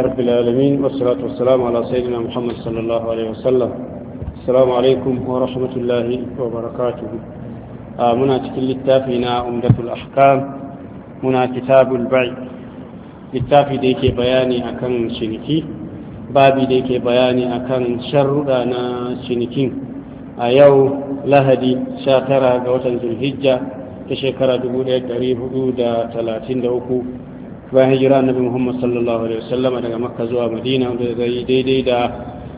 رب العالمين والصلاة والسلام على سيدنا محمد صلى الله عليه وسلم السلام عليكم ورحمة الله وبركاته منا تكل التافينا أمدة الأحكام منا كتاب البيع littafi da yake bayani akan ciniki babi da yake bayani akan sharruɗa na cinikin a yau lahadi 19 ga watan zulhijja ta shekara 1433 bayan hijira annabi Muhammad sallallahu alaihi wasallama daga Makka zuwa Madina da zai daidai da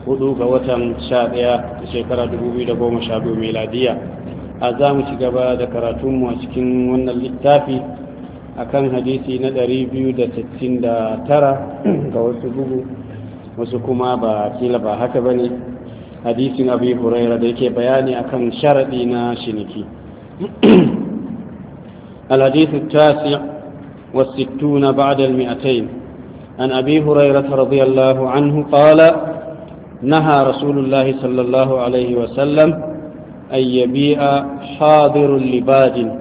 hudu ga watan 11 shekara 2012 miladiya a za mu ci gaba da karatunmu a cikin wannan littafi akan hadisi na 269 ga wasu bugu wasu kuma ba kila ba haka ba ne hadisin abi huraira da yake bayani akan sharaɗi na shiniki al-hadithu tasi' والستون بعد المئتين عن أبي هريرة رضي الله عنه قال نهى رسول الله صلى الله عليه وسلم أن يبيع حاضر لباد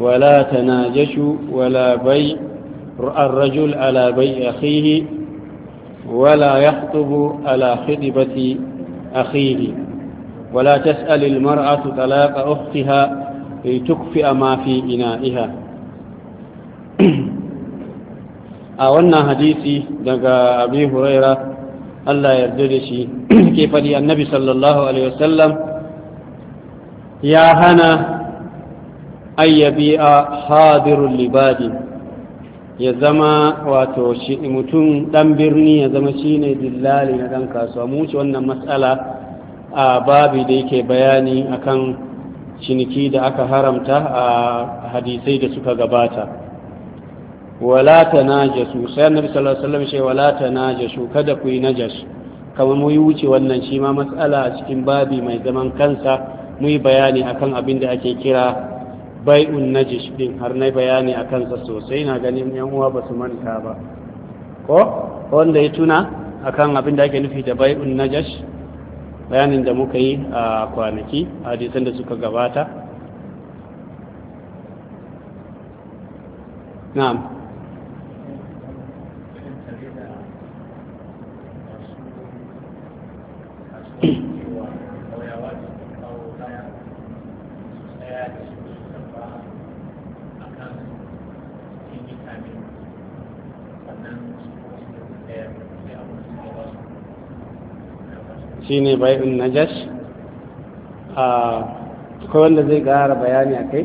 ولا تناجش ولا بيع الرجل على بيع أخيه ولا يخطب على خطبة أخيه ولا تسأل المرأة طلاق أختها لتكفئ ما في إنائها a wannan hadisi daga abi huraira Allah yarda da shi ke faɗi annabi sallallahu alaihi wasallam ya hana ayyabi a hadirun libadi ya zama wato mutum ɗan birni ya zama shine dillali na ɗan kasuwa mu wannan matsala a babi da yake bayani akan ciniki da aka haramta a hadisai da suka gabata wala ta najasu sai annabi sallallahu alaihi wasallam ce wala ta najasu kada ku yi najas kamar mu yi wuce wannan shi ma matsala a cikin babi mai zaman kansa mu yi bayani akan abin da ake kira bai'un najis din har na bayani a kansa sosai na ganin yan uwa ba su manta ba ko wanda ya tuna akan abin da ake nufi da bai'un najis bayanin da muka yi a kwanaki a hadisan da suka gabata na'am Shi ne bai'un najash a akwai wanda zai gara bayani a kai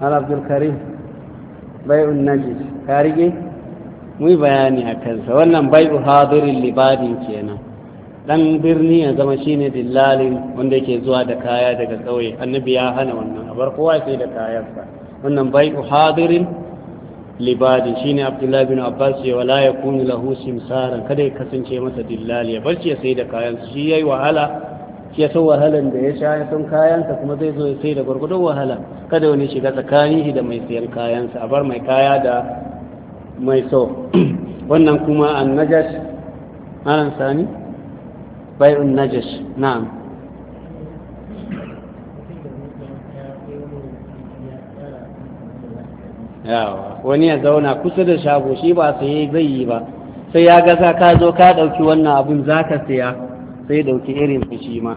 har abdulkarim bai'un najash ka rige muyi bayani a kansa wannan bai'u hadirin libadin kenan dan birni ya zama shi ne dillalin wanda yake zuwa da kaya daga tsawai annabi ya hana wannan abar kowa sai da kayansa wannan bai'u hadirin libadin shine abdullahi bin abbas ya wala ya kunu lahu kada ya kasance masa dillali ya barci ya sai da kayan su shi yayi wahala ya san wahalan da ya sha ya san kayansa kuma zai zo ya sai da gwargwadon wahala kada wani shiga tsakanin shi da mai sayan kayansa a bar mai kaya da mai so wannan kuma an najash an sani bai'un najash na'am yawa wani ya zauna kusa da shago shi ba sai zai yi ba sai ya gaza ka zo ka ɗauki wannan abun za ka siya sai ɗauki irin fushi ma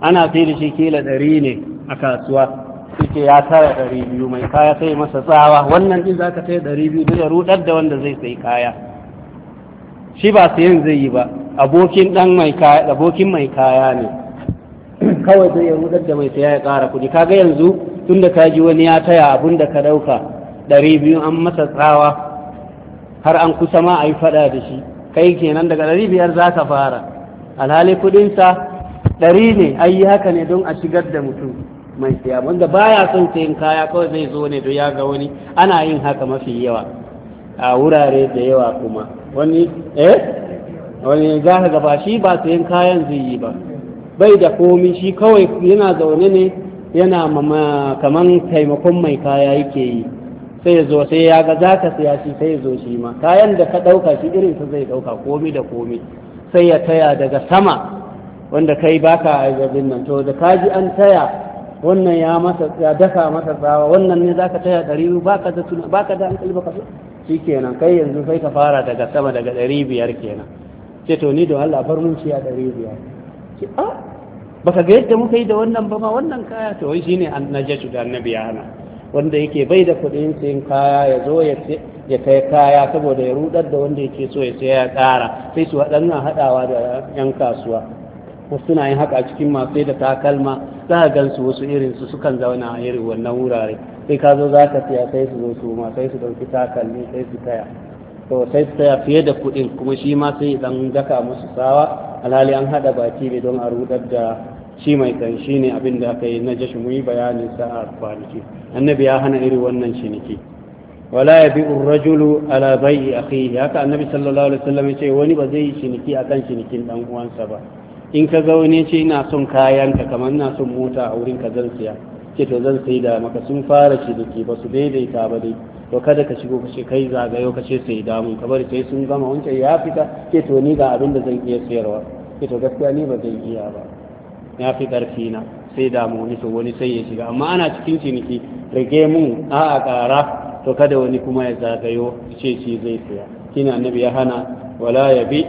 ana sai da shi kila ɗari ne a kasuwa suke ya tara ɗari biyu mai kaya sai masa tsawa wannan din za ka sai ɗari biyu da rudar da wanda zai sai kaya shi ba sayan zai yi ba abokin ɗan mai kaya abokin mai kaya ne kawai zai rudar da mai saya ya ƙara kuɗi kaga yanzu tun da ka ji wani ya taya abun da ka ɗauka ɗari biyu an masa tsawa har an kusa ma a yi faɗa da shi kai kenan daga ɗari biyar za ka fara alhali kuɗinsa ɗari ne ai haka ne don a shigar da mutum mai siya wanda baya son sayin kaya kawai zai zo ne don ya ga wani ana yin haka mafi yawa a wurare da yawa kuma wani eh wani za ka gaba shi ba sayin kayan zai yi ba bai da komi shi kawai yana zaune ne yana kaman taimakon mai kaya yake yi sai ya zo sai ya ga za ka siya shi sai ya zo shi ma kayan da ka ɗauka shi irin su zai ɗauka komi da komi sai ya taya daga sama wanda kai baka a gabin nan to da kaji an taya wannan ya masa ya masa tsawa wannan ne za ka taya ɗari baka da tuna baka da hankali ka so kenan kai yanzu sai ka fara daga sama daga ɗari biyar kenan ce to ni don Allah bar mun shi a ɗari biyar ah, ba a ga yadda muka yi da wannan ba ma wannan kaya to wai shine annajatu da annabi ya hana wanda yake bai da kuɗin sayan kaya ya zo ya kai kaya saboda ya rudar da wanda yake so ya saya ya tsara sai su waɗannan haɗawa da 'yan kasuwa wasu suna yin haka a cikin masu da takalma za a gansu wasu irin su sukan zauna a irin wannan wurare sai ka zo za ka siya sai su zo su ma sai su ɗauki takalmi sai su taya to sai su taya fiye da kuɗin kuma shi ma sai dan daka musu sawa alhali an haɗa baki ne don a rudar da shi mai tsayi shi ne abin da aka yi na jashi mu yi bayanin sa a kwanaki annabi ya hana iri wannan ciniki wala ya bi urajulu ala bai'i akhihi haka annabi sallallahu alaihi wasallam yace wani ba zai yi ciniki akan cinikin dan uwansa ba in ka ga wani ce ina son kayan ka kamar ina son mota a wurin ka zan siya ce to zan sai da maka sun fara ciniki ba su daidaita ba dai to kada ka shigo ka ce kai zagayo ka ce sai da mun kabar sai sun gama wancan ya fita ce to ni ga abin da zan iya sayarwa ce to gaskiya ni ba zan iya ba ya fi ƙarfi na sai damu wani to wani sai ya shiga amma ana cikin ciniki rage mu a a ƙara to kada wani kuma ya zagayo ce shi zai tsaya kina annabi ya hana wala ya bi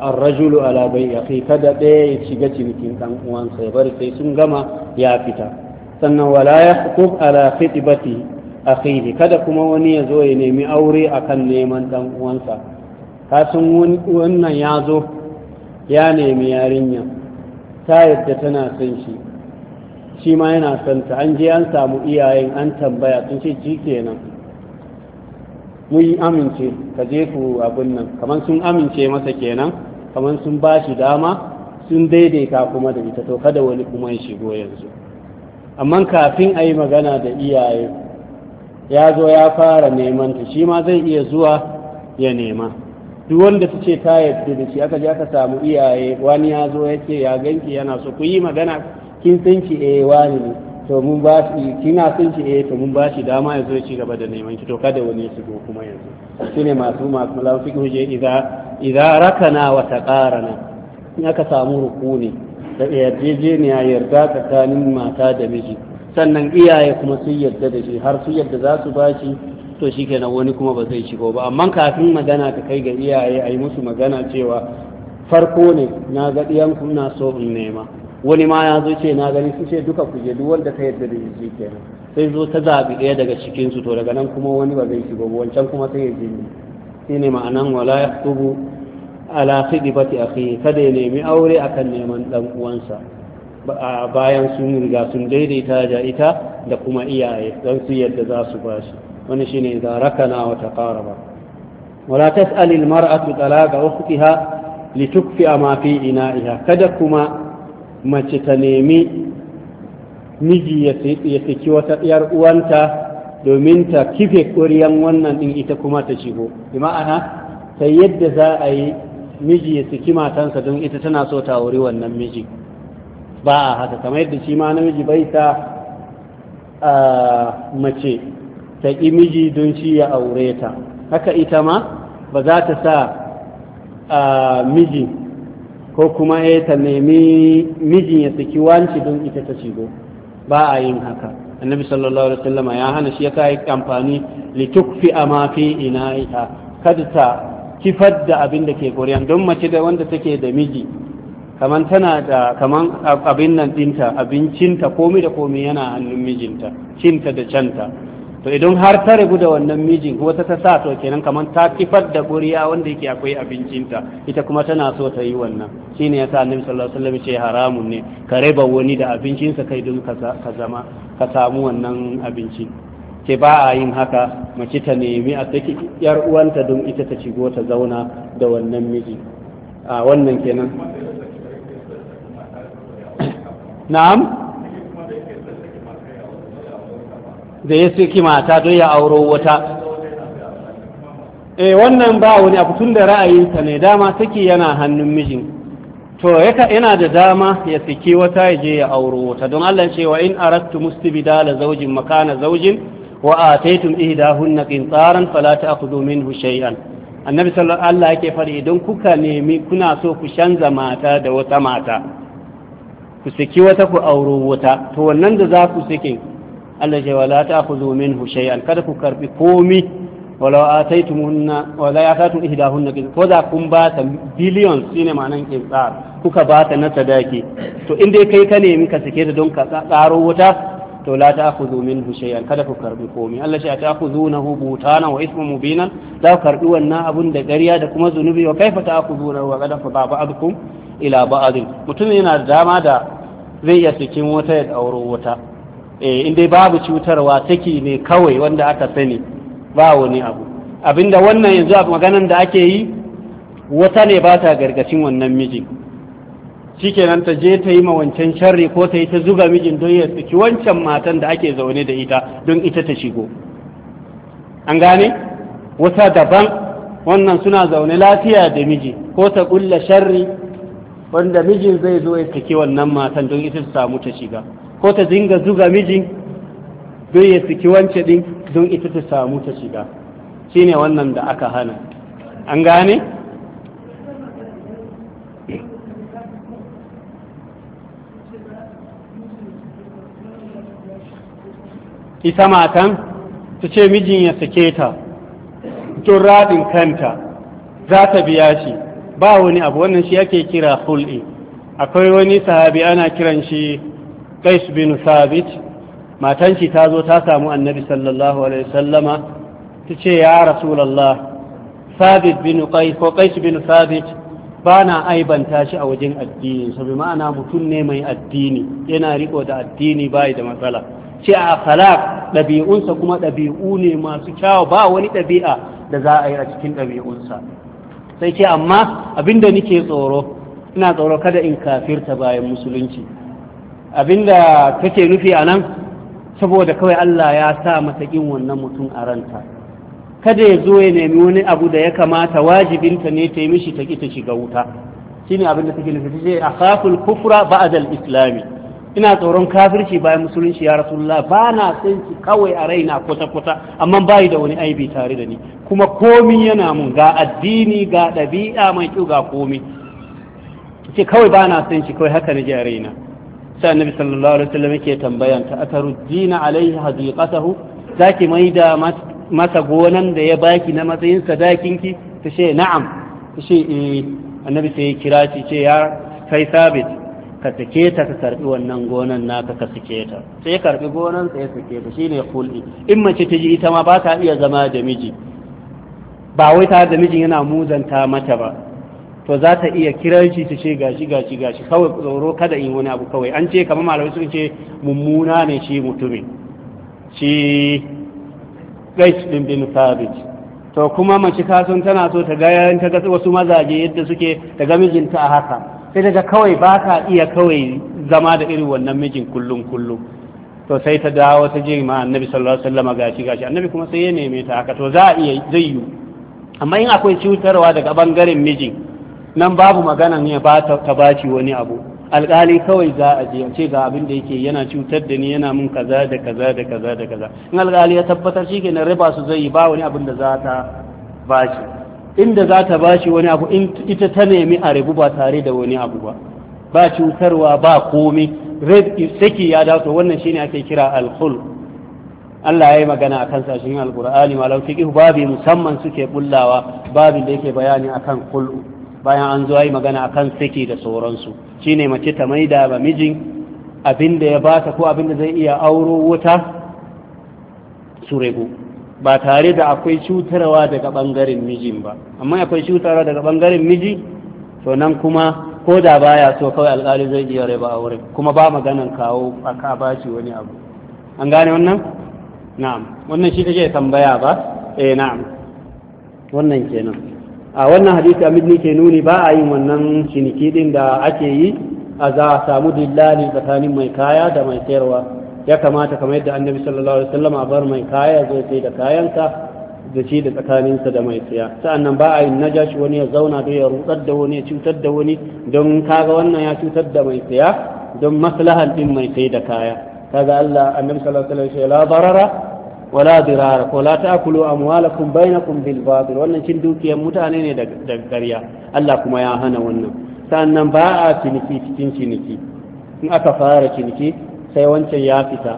arrajulu ala bai fi kada ɗaya ya shiga cinikin ɗan uwansa ya bari sai sun gama ya fita sannan wala ya hukub ala a akhihi kada kuma wani ya zo ya nemi aure akan neman ɗan uwansa kasan wannan ya zo ya nemi yarinya ta yadda tana son shi shi ma yana son ta an je an samu iyayen an tambaya sun ce ci kenan mun amince ka je ku abin nan kamar sun amince masa kenan kamar sun ba shi dama sun daidaita kuma da ita to kada wani kuma ya shigo yanzu amma kafin a yi magana da iyaye ya zo ya fara neman ta shi ma zai iya zuwa ya nema duk wanda ta ce ta yadda da shi aka je aka samu iyaye wani ya zo ya ce ya ganki yana so ku yi magana kin san ki eh wani ne to mun ba shi kina san ki eh to mun ba shi dama ya zo ya ci gaba da neman ki to kada wani ya shigo kuma yanzu shine masu masu lafi huje idza idza rakana wa taqarana in aka samu rukuni da ne yarjejeniya yarda tsakanin mata da miji sannan iyaye kuma sun yarda da shi har su yarda za su ba shi to shi kenan wani kuma ba zai shigo ba amma kafin magana ta kai ga iyaye a yi musu magana cewa farko ne na ga ɗiyanku na so in nema wani ma ya zo ce na gani su ce duka kuje duk wanda ta yadda da shi kenan sai zo ta zaɓi ɗaya daga cikinsu to daga nan kuma wani ba zai shigo ba wancan kuma sai ya je ni shi ne ma'anan wala ya tubu ala khidibati akhi kada ya nemi aure akan neman dan uwansa bayan sun riga sun daidaita da ita da kuma iyaye don su yadda za su bashi wani shine idza rakana wa taqaraba wala tas'al al mar'atu talaqa ukhtiha litukfi ma fi ina'iha kada kuma mace ta nemi miji ya saki wata ɗiyar uwanta domin ta kife ƙuriyan wannan ɗin ita kuma ta shigo bi ma'ana ta yadda za a yi miji ya saki matansa don ita tana so ta wuri wannan miji ba a haka kamar yadda shi ma namiji bai sa ah, mace ta ƙi miji don shi ya aure ta haka ita ma ba za ta sa a miji ko kuma ya ta nemi miji ya saki wanci don ita ta shigo ba a yin haka annabi sallallahu alaihi wasallama ya hana shi ya kai amfani li tukfi ma fi ita, kada ta kifar da abin da ke koriya don mace da wanda take da miji kaman tana da kaman abin nan dinta abincinta komai da komai yana hannun mijinta cinta da canta to idan har ta rabu da wannan mijin wata ta sa to kenan kamar ta kifar da ƙuriya wanda yake akwai abincinta ita kuma tana so ta yi wannan shine yasa annabi sallallahu alaihi wasallam ce haramun ne ka raba wani da abincinsa kai don ka zama ka samu wannan abinci ke ba a yin haka mace ta nemi a saki yar uwanta don ita ta shigo ta zauna da wannan miji a wannan kenan na'am da ya saki mata don ya auro wata E, wannan ba wani abu tun da ra'ayinsa ne dama saki yana hannun mijin to yana da dama ya saki wata ya je ya auro wata don Allah ce wa in aradtu mustibdala zawjin makana zawjin wa ataytum ihdahunna qintaran fala ta'khudhu minhu shay'an annabi sallallahu alaihi wasallam yake fari idan kuka nemi kuna so ku canza mata da wata mata ku saki wata ku auro wata to wannan da za ku saki Allah ce wala min minhu shay'an kada ku karɓi komi wala ataytumuhunna wala yakatu ihdahunna ko za kun ba ta biliyon ma nan ma'anan kintsar kuka ba ta na sadaki to inda kai ka nemi ka sake ta don ka tsaro wuta to la min minhu shay'an kada ku karɓi komi Allah ce ta'khudhunahu butana wa ismun mubinan za ku karɓi wannan abun da gariya da kuma zunubi wa zo na wa qad fa ba ba'dukum ila ba'd mutum yana da dama da zai iya cikin wata ya auro wata Eh, in dai babu cutarwa saki ne kawai wanda aka sani ba wani abu abinda wannan yanzu a maganan da ake yi wata ne ba ta gargashin wannan mijin nan ta je ta yi mawancan shari, sharri ko ta yi ta zuga mijin don ya tsaki wancan matan da ake zaune da ita don ita ta shigo an gane wata daban wannan suna zaune lafiya da miji ko ta kulla sharri wanda mijin zai zo ya tsaki wannan matan don ita ta samu ta shiga ko ta dinga zuga mijin don ya siki wance din don ita ta samu ta shiga shine wannan da aka hana an gane ita matan ta ce mijin ya sake ta tun raɗin kanta za ta biya shi ba wani abu wannan shi yake kira hul'i akwai wani sahabi ana kiran shi qais bin Sabit, matan shi ta zo ta samu annabi sallallahu alaihi ta ce ya rasulullah Sabit bin qais ko qais bin Sabit bana aibanta shi a wajen addini sabi ma'ana mutum ne mai addini yana riko da addini bai da matsala ce a kala ɗabi'unsa kuma ɗabi'u ne masu kyawa ba wani ɗabi'a da za a yi a cikin ɗabi'unsa sai ce amma abinda nake tsoro ina tsoro kada in kafirta bayan musulunci abinda kake nufi a nan saboda kawai Allah ya sa mata ƙin wannan mutum a ranta kada ya zo ya nemi wani abu da ya kamata wajibinta ne ta yi mishi ta ƙi ta shiga wuta shine abinda take nufi ta ce a kafin kufra ba'adal islami ina tsoron kafirci bayan musulunci ya rasulullah ba na san shi kawai a raina kwata-kwata amma bayi da wani aibi tare da ni kuma komi yana mun ga addini ga ɗabi'a mai kyau ga komi ce kawai ba na san shi kawai haka na ji a raina sai annabi sallallahu alaihi wasallam yake tambayan ta atarujina alaihi hadiqatahu zaki maida masa gonan da ya baki na matsayin ki ta ce na'am ta ce eh annabi sai ya kira shi ce ya kai sabit ka sake ta ka karbi wannan gonan naka ka sake ta sai karbi gonan sai ya sake ta shine khul'i in mace ta ji ita ma ba ta iya zama da miji ba wai ta da mijin yana muzanta mata ba to za ta iya kiranci ta ce gashi gashi gashi kawai tsoro kada in wani abu kawai an ce kamar malamai sun ce mummuna ne shi mutumin shi gaish din bin sabit to kuma mace sun tana so ta ga ta ga wasu mazaje yadda suke ta ga mijinta a haka sai daga kawai ba ka iya kawai zama da irin wannan mijin kullum kullum to sai ta dawo ta je ma annabi sallallahu alaihi wasallam gashi gashi annabi kuma sai ya neme ta haka to za a iya zai yi amma in akwai cutarwa daga bangaren mijin nan babu magana ne ba ta baci wani abu alƙali kawai za a je ce ga abin da yake yana cutar da ni yana mun kaza da kaza da kaza da kaza in alƙali ya tabbatar shi kenan riba su zai yi ba wani abin da za ta baci inda za ta baci wani abu in ita ta nemi a rubu ba tare da wani abu ba ba cutarwa ba komai saki ya dawo wannan shine ake kira alkhul Allah ya yi magana a kansa shi alkur'ani malau fiqh babi musamman suke bullawa babin da yake bayani akan khul'u bayan an zo yi magana a kan saki da sauransu ne mace ta maida ba mijin abinda ya bata ko abinda zai iya auro wuta su rego ba tare da akwai cutarwa daga bangaren mijin ba amma akwai cutarwa daga bangaren miji to nan kuma ko da baya so kawai alƙali zai iya raba wurin? kuma ba maganan kawo aka baci wani abu an gane wannan na'am wannan shi kake tambaya ba eh na'am wannan kenan a wannan hadisi abin ne ke nuni ba a yin wannan ciniki din da ake yi a za a samu dillali tsakanin mai kaya da mai sayarwa ya kamata kamar yadda annabi sallallahu alaihi wasallam a bar mai kaya zai sai da kayanka da shi da tsakaninsa da mai siya sa'annan ba a yin na shi wani ya zauna don ya rutsar da wani ya cutar da wani don kaga wannan ya cutar da mai siya don maslahan din mai sai da kaya kaga Allah annabi sallallahu alaihi wasallam ya la barara wala dirara wala ta'kulu amwalakum bainakum bil batil wannan cin dukiyar mutane ne da ƙarya Allah kuma ya hana wannan sannan ba a ciniki cikin ciniki in aka fara ciniki sai wancan ya fita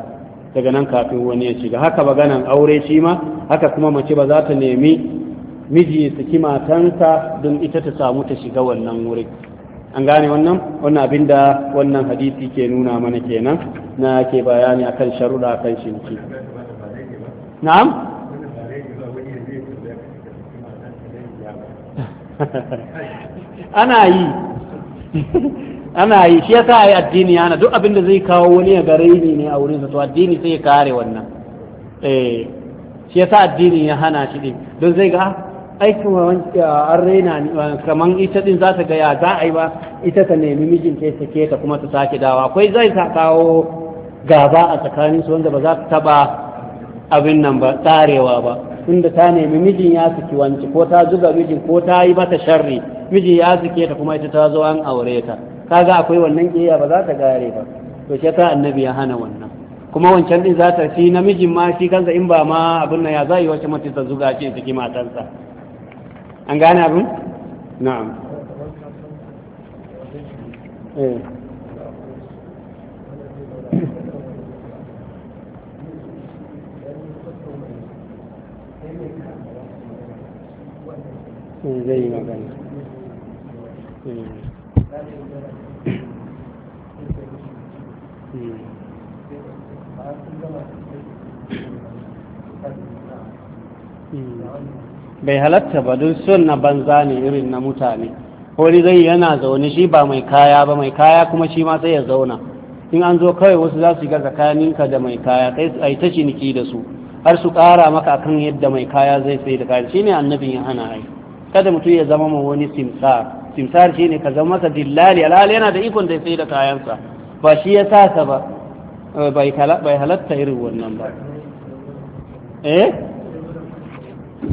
daga nan kafin wani ya shiga haka ganan aure shi ma haka kuma mace ba za ta nemi miji ya saki matansa don ita ta samu ta shiga wannan wuri an gane wannan wannan abin da wannan hadisi ke nuna mana kenan na ke bayani akan sharuɗa kan ciniki na'am ana yi ana yi shi yasa ai addini ana duk abin da zai kawo wani ya gare ni a wurinsa to addini sai ya kare wannan eh shi yasa addini ya hana shi din don zai ga ah, aikin wanke an raina ni kaman ita din za ta ga za a yi ba ita ta nemi mijinta ta sake ta kuma ta sake dawa akwai zai ta kawo gaba a tsakanin su wanda ba za ta taba abin nan ba tsarewa ba inda ta nemi mijin ya saki wanci ko ta zuga mijin ko ta yi mata sharri mijin ya suke ta kuma ita ta zo an aure ta kaga akwai wannan kiyaya ba za ta gare ba to shi ta annabi ya hana wannan kuma wancan din za ta shi namijin ma shi kansa in ba ma abin nan ya za yi wacce mace ta zuga ce saki matarsa an gane abin na'am eh Eh, eh. bai halatta ba don son na banza ne irin na mutane wani zai yana zaune shi ba mai kaya ba mai kaya kuma shi ma sai ya zauna in an zo kawai wasu za su yi ga kayaninka da mai kaya kai a yi ta ciniki da su har su kara maka kan yadda mai kaya zai sai da kaya shi ne annabin ya hana aiki kada mutum ya zama ma wani simsar simsar ne ka zama masa dillali alhali yana da ikon da ya sai da kayansa ba shi ya sa ta ba eh, bai halatta irin wannan ba eh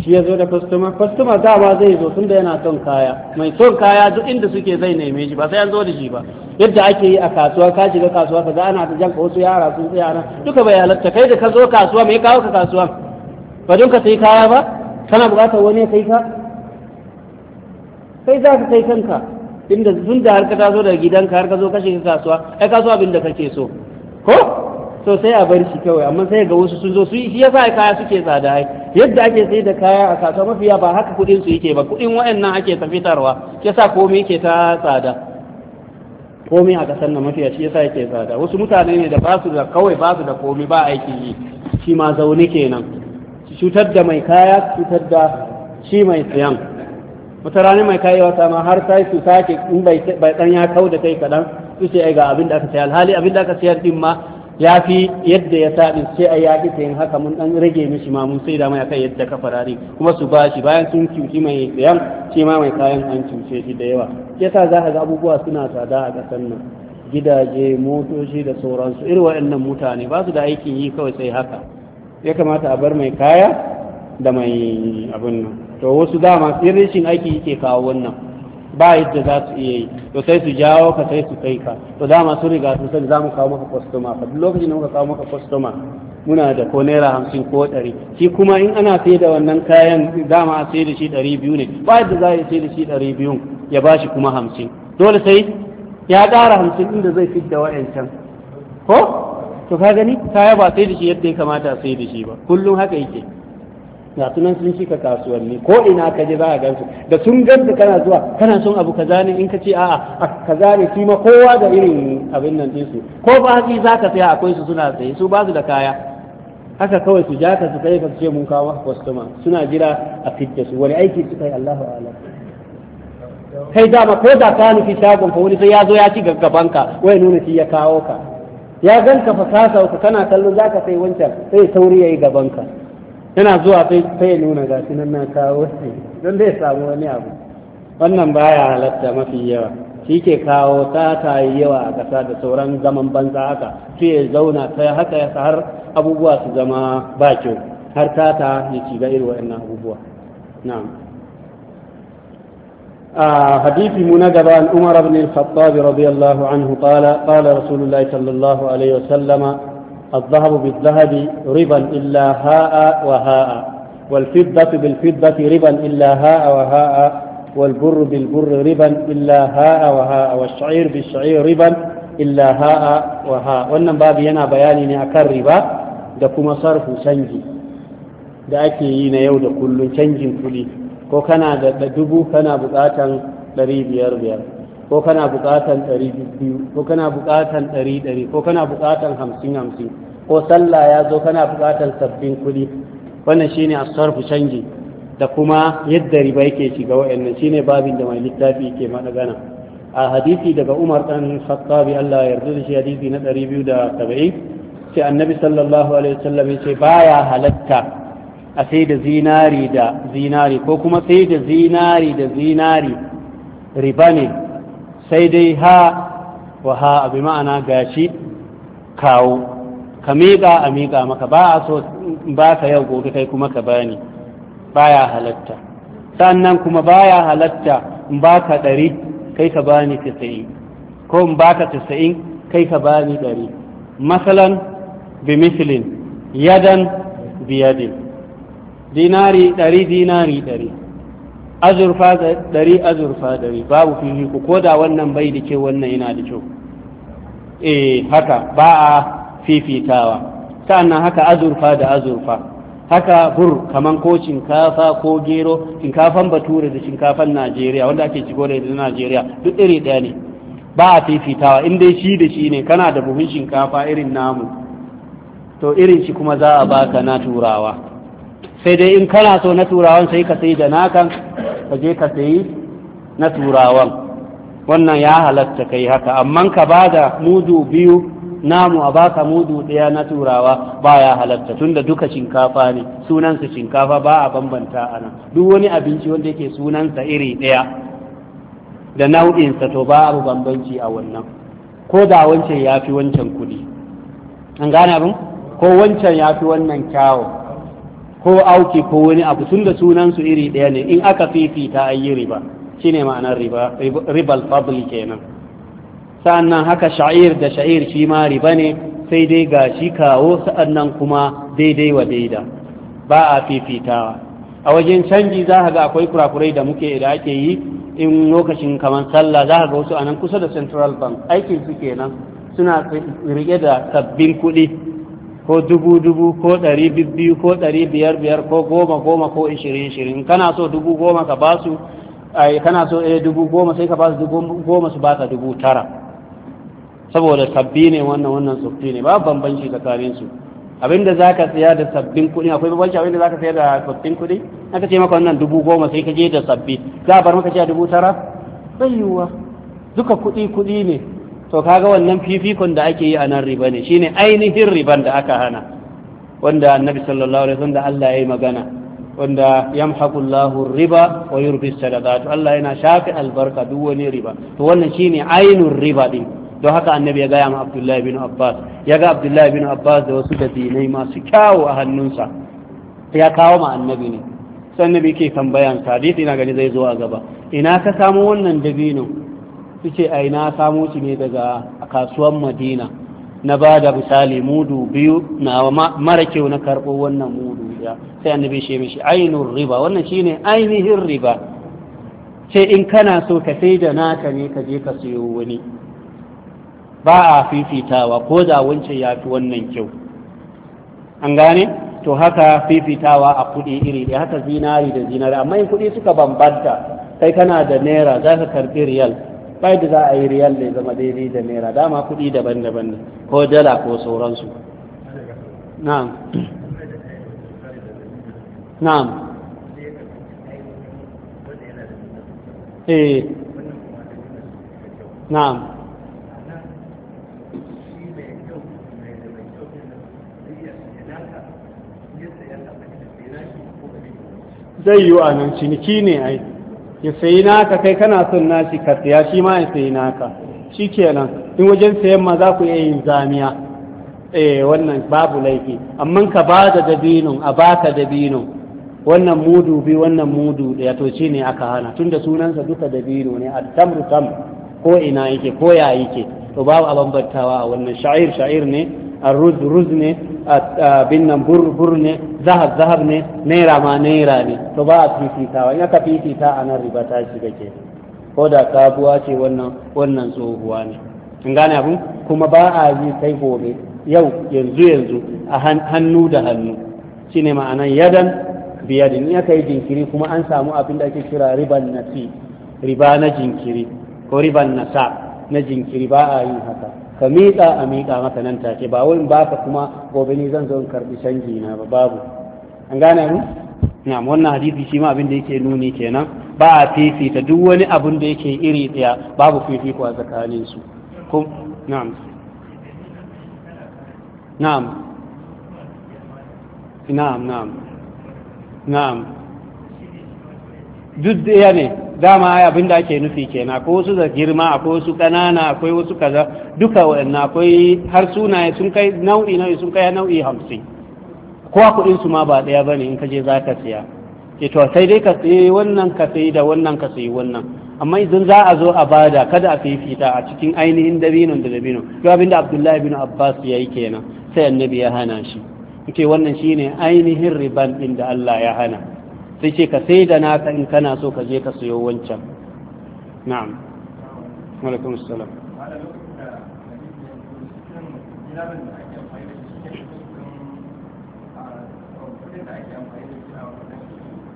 shi ya zo da kwastoma kwastoma ba zai zo tun da yana son kaya mai son kaya duk inda suke zai neme shi ba sai an zo da shi ba yadda ake yi a kasuwa ka shiga kasuwa ka ga ana jan janka wasu yara sun tsaya nan duka bai halatta kai da ka zo kasuwa mai kawo ka kasuwa ba don ka sai kaya ba kana buƙatar wani ya kai ka kai za ka kai kanka inda tun da har ka taso daga gidanka har ka zo kashe kasuwa ai kasuwa abin da kake so ko so sai a bar shi kawai amma sai ga wasu sun zo su shi yasa kaya suke tsada ai yadda ake sai da kaya a kasuwa mafiya ba haka kudin su yake ba kudin wayannan ake tafitarwa yasa komai yake ta tsada komai a kasar nan mafiya shi yasa yake tsada wasu mutane ne da ba su da kawai ba su da komai ba aiki yi shi ma zaune kenan cutar da mai kaya cutar da shi mai siyan wata rana mai kayewa ta ma har sai su sake in bai dan ya kau da kai kadan su ce ai ga abin da aka sayar hali abin da aka sayar din ma ya fi yadda ya sa din sai ai ya ki sayin haka mun dan rage mishi ma mun sai da mai kai yadda ka farari kuma su ba shi bayan sun cuci mai yan shi ma mai kayan an cuce shi da yawa yasa za ka ga abubuwa suna tsada a kasan nan gidaje motoci da sauransu irin waɗannan mutane ba su da aikin yi kawai sai haka ya kamata a bar mai kaya da mai abin nan to wasu dama in rashin aiki yake kawo wannan ba yadda za su iya yi to sai su jawo ka sai su kai ka to dama sun riga sun sani za mu kawo maka kwastoma fa duk lokacin da muka kawo maka kwastoma muna da ko naira hamsin ko ɗari shi kuma in ana sai da wannan kayan dama a sai da shi ɗari biyu ne ba yadda za a sai da shi ɗari biyun ya ba shi kuma hamsin dole sai ya ƙara hamsin inda zai fit da wa'yancan ko to ka gani kaya ba sai da shi yadda ya kamata sai da shi ba kullum haka yake ga sunan sun cika kasuwanni ko ina ka je za a gansu da sun gansu kana zuwa kana son abu kaza ne in ka ce a'a a kaza ne shi ma kowa da irin abin nan su ko ba hatsi za ka saya akwai su suna saye su ba su da kaya haka kawai su ja ka su kai ka ce mun kawo a kwastoma suna jira a fitta su wani aiki suka yi Allahu a'lam kai dama ko da ka nufi shagon ka wani sai ya zo ya ci gaban ka wai nuna shi ya kawo ka ya ganka fa ka sauka kana kallo za ka sai wancan sai sauri ya yi gaban ka yana zuwa sai ya nuna gashi nan na kawo shi don zai samu wani abu wannan baya halatta mafi yawa shi ke kawo ta yi yawa a ƙasa da sauran zaman banza haka su ya zauna ta haka ya har abubuwa su zama ba kyau har ta ya ci ga irin waɗannan abubuwa na'am آه حديث منجب عن عمر بن الخطاب رضي الله عنه قال قال رسول الله sallallahu alaihi wa sallama. الذهب بالذهب ربا إلا هاء وهاء والفضة بالفضة ربا إلا هاء وهاء والبر بالبر ربا إلا هاء وهاء والشعير بالشعير ربا إلا هاء وهاء wannan babu yana bayani ne akan riba da kuma canji da ake yi na yau da kullun canjin kuɗi ko kana da dubu kana buƙatan ɗari biyar biyar ko kana buƙatan ɗari biyu ko kana buƙatan ɗari ɗari ko kana buƙatan hamsin hamsin ko sallah ya zo kana buƙatan sabbin kuɗi wannan shine asarfu canji da kuma yadda riba yake shiga wa'annan ne babin da mai littafi ke magana a hadisi daga Umar dan Khattabi Allah ya yarda da shi hadisi na 270 sai annabi sallallahu alaihi wasallam ya ce baya halatta a sai da zinari da zinari ko kuma sai da zinari da zinari riba ne sai dai ha wa ha abu ma'ana gashi kawo ka miƙa a miƙa maka ba a so ba ka yau gobe kai kuma ka bani baya halatta sannan kuma baya halatta in ba ka ɗari kai ka bani tasa'in ko in ba ka tasa'in kai ka bani ɗari masalan bi mislin yadan biyadin dinari ɗari dinari ɗari azurfa ɗari azurfa ɗari babu ku ko da wannan bai da kyau wannan yana da kyau eh haka ba a fifitawa sa'annan haka azurfa da azurfa haka bur kaman ko shinkafa ko gero shinkafan bature da shinkafan najeriya wanda ake shigo da najeriya duk iri ɗaya ne ba a fifitawa in dai shi da shi ne kana da buhun shinkafa irin namu to irin shi kuma za a baka na turawa sai dai in kana so na turawan sai ka sai da nakan ka je ka sayi na turawan wannan ya halatta kai haka amma ka ba da mudu biyu namu a baka mudu ɗaya na turawa ba ya halatta tunda duka shinkafa ne sunansa shinkafa ba a bambanta a nan duk wani abinci wanda yake sunansa iri ɗaya da nau'insa to ba abu bambanci a wannan ko da wancan ya fi wancan kuɗi an gane abin ko wancan ya fi wannan kyawun ko auki ko wani abu tun da sunansu iri ɗaya ne in aka fifita a yi riba shi ma'anar riba ribal fadli kenan sa'annan haka sha'ir da sha'ir shi ma riba ne sai dai ga shi kawo sa'annan kuma daidai wa daida ba a fifitawa a wajen canji za ga akwai kurakurai da muke da ake yi in lokacin kamar sallah za ga wasu anan kusa da central bank aikin su kenan suna rike da sabbin kuɗi ko dubu dubu ko ɗari biyu ko ɗari biyar biyar ko goma goma ko ishirin ishirin kana so dubu goma ka ba su kana so eh dubu goma sai ka ba su dubu goma su baka dubu tara saboda sabbi ne wannan wannan tsoffi ne ba bambanci tsakanin su abinda za ka tsaya da sabbin kuɗi akwai bambanci abinda za ka tsaya da sabbin kuɗi aka ce maka wannan dubu goma sai ka je da sabbi za a bar maka cewa dubu tara bayuwa duka kuɗi kuɗi ne to kaga wannan fifikon da ake yi a nan riba ne shine ainihin riban da aka hana wanda annabi sallallahu alaihi wasallam da Allah ya yi magana wanda yamhaqullahu riba wa yurbi sadaqat Allah yana shafi albarka duk wani riba to wannan shine ainun riba din don haka annabi ya gaya ma Abdullahi bin Abbas ya ga Abdullahi bin Abbas da wasu dabinai masu kyawu a hannunsa ya kawo ma annabi ne sannan annabi ke tambayan hadisi ina gani zai zo a gaba ina ka samu wannan dabinin suke aina na samo shi ne daga kasuwan madina na ba da misali mudu biyu na mara kyau na karɓo wannan mudu ya sai annabi shi mishi ainihin riba wannan shi ne ainihin riba sai in kana so ka sai da naka ne ka je ka siyo wani ba a fifitawa ko da wancan ya fi wannan kyau an gane to haka fifitawa a kuɗi iri da haka zinari da zinari amma in kuɗi suka bambanta kai kana da naira za ka karɓi riyal bai da za a yi riyal da zama daidai da naira dama kuɗi daban-daban ne ko dala ko sauransu na'am na'am eh na'am zai yi wa nan ciniki ne ai ya sayi naka kai kana son nashi ka siya shi ma ya sayi naka shi kenan in wajen sayan ma za ku iya yin zamiya eh wannan babu laifi amma ka ba da dabinun a baka dabino wannan mudu bi wannan mudu daya to shi ne aka hana tunda sunansa duka dabino ne a tamru tam ko ina yake ko ya yake to babu a bambantawa a wannan sha'ir sha'ir ne a ruz ruz ne Uh, abin nan bur ne zahab zahab ne naira ma naira ne to ba a fifitawa in aka fifita a nan riba ta shiga ke ko da sabuwa ce wannan wannan tsohuwa ne in gane abu kuma ba a yi kai gobe yau yanzu yanzu a hannu da hannu ne ma'anan yadan biyadin in aka yi jinkiri kuma an samu abin da ake kira riban na fi riba na jinkiri ko riban nasa na jinkiri ba a yin haka ka miƙa a miƙa masa nan take ba ba baka kuma gobe ni zan zo in karɓi canji na ba babu an gane mu na'am wannan hadisi shi ma abin da yake nuni kenan ba a fifita duk wani abin da yake iri ɗaya babu fifiko a tsakanin su kum na'am na'am na'am na'am na'am duk ɗaya ne dama abin da ake nufi kenan akwai wasu da girma akwai wasu ƙanana akwai wasu kaza duka waɗannan akwai har sunaye sun kai nau'i nau'i sun kai nau'i hamsin kowa kuɗin su ma ba ɗaya ba ne in ka je za ka siya ke eh to sai dai ka sayi wannan ka sayi da wannan ka sayi wannan amma idan za a zo a bada kada a fifita a cikin ainihin dabino da dabino yau abin da abdullahi bin abbas ya yi kenan sai annabi ya hana shi ke wannan shine ainihin riban ɗin da allah ya hana sai ce ka sai da naka in kana so ka je ka sayo wancan na'am alaikum salam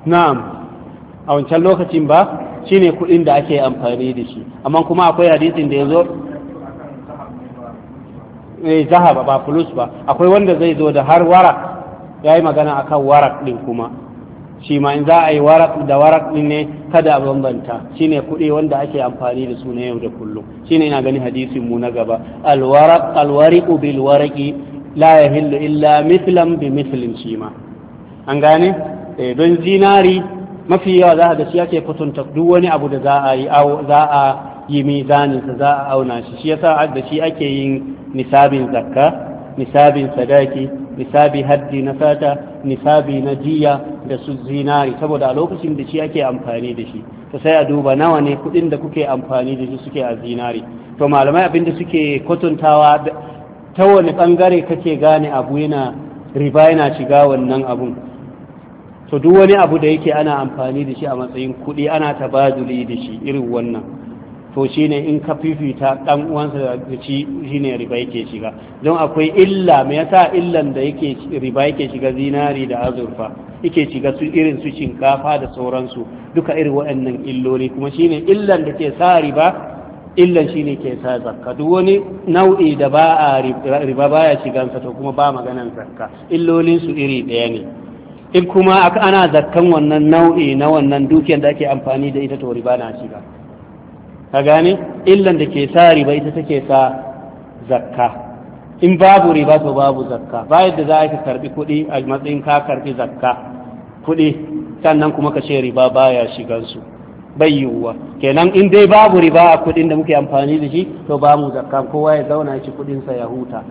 na'am a wancan lokacin ba shine kuɗin da ake amfani da shi amma kuma akwai hadisin da ya zo eh zahaba ba fulus ba akwai wanda zai zo da har warak ya yi magana akan warak ɗin kuma shi ma in za a yi warak da warak din ne kada a bambanta shine kuɗi wanda ake amfani da su na yau da kullum shine ina gani hadisin mu na gaba alwaraq alwariqu bil waraqi la yahillu illa mithlan bi mithlin shi ma an gane eh, don zinari mafi yawa za a ga shi ake kutunta duk wani abu da za a yi za a yi mizanin za a auna shi shi yasa da shi ake yin nisabin zakka nisabin sadaki nisabi haddi na sata nisabi na jiya da su zinari saboda a lokacin da shi ake amfani da shi to sai a duba nawa ne kudin da kuke amfani da shi suke a zinari to malamai abin da suke kotuntawa, ta wani bangare kake gane abu yana riba yana shiga wannan abun to duk wani abu da yake ana amfani da shi a matsayin kudi ana baduli da shi irin wannan to shi ne in ka fifita dan uwansa da shi ne riba yake shiga don akwai illa me yasa illan da yake riba yake shiga zinari da azurfa yake shiga su irin su shinkafa da sauransu duka irin waɗannan illoli kuma shi ne illan da ke sa riba illan shi ne ke sa zakka duk wani nau'i da ba a riba baya shigansa to kuma ba maganan zakka illolin su iri ɗaya ne in kuma ana zakkan wannan nau'i na wannan dukiyar da ake amfani da ita to riba na shiga ka gane illan da ke sa riba ita take sa zakka in babu riba to babu zakka Ba yadda za ka karbi kuɗi a matsayin ka karbi zakka kuɗi sannan kuma ka ce riba baya shigansu bai yiwuwa kenan in dai babu riba a kuɗin da muke amfani da shi to ba mu zakka kowa ya zauna ya ci kuɗinsa ya huta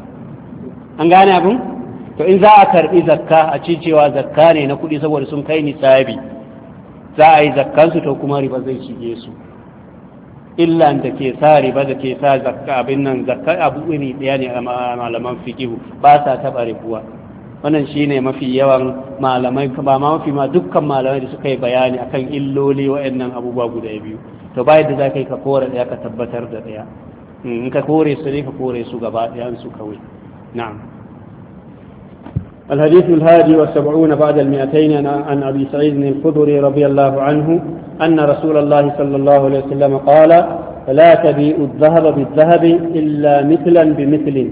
an gane abin to in za a karbi zakka a ci cewa zakka ne na kuɗi saboda sun kai nisabi za a yi zakkansu to kuma riba zai shige su illan da ke sa riba da ke sa zakka abin nan zakka abu iri ɗaya ne a malaman fikihu ba sa taɓa ribuwa wannan shine mafi yawan malamai ba ma mafi ma dukkan malamai da suka yi bayani akan illoli waɗannan abubuwa guda biyu to ba da za ka yi ka kore ɗaya ka tabbatar da ɗaya in ka kore su ne ka kore su gaba ɗaya su kawai na'am الحديث الهادي والسبعون بعد المئتين عن أبي سعيد الخدري رضي الله عنه أن رسول الله صلى الله عليه وسلم قال لا تبيئوا الذهب بالذهب إلا مثلا بمثل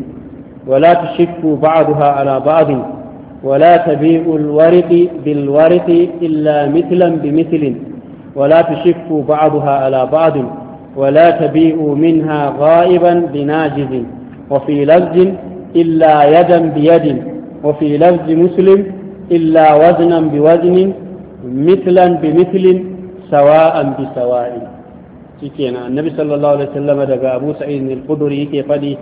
ولا تشكوا بعضها على بعض ولا تبيئوا الورق بالورق إلا مثلا بمثل ولا تشكوا بعضها على بعض ولا تبيئوا منها غائبا بناجز وفي لفظ إلا يدا بيد وفي لفظ مسلم إلا وزنا بوزن مثلا بمثل سواء بسواء شكينا النبي صلى الله عليه وسلم دقى أبو سعيد الخدري كفدي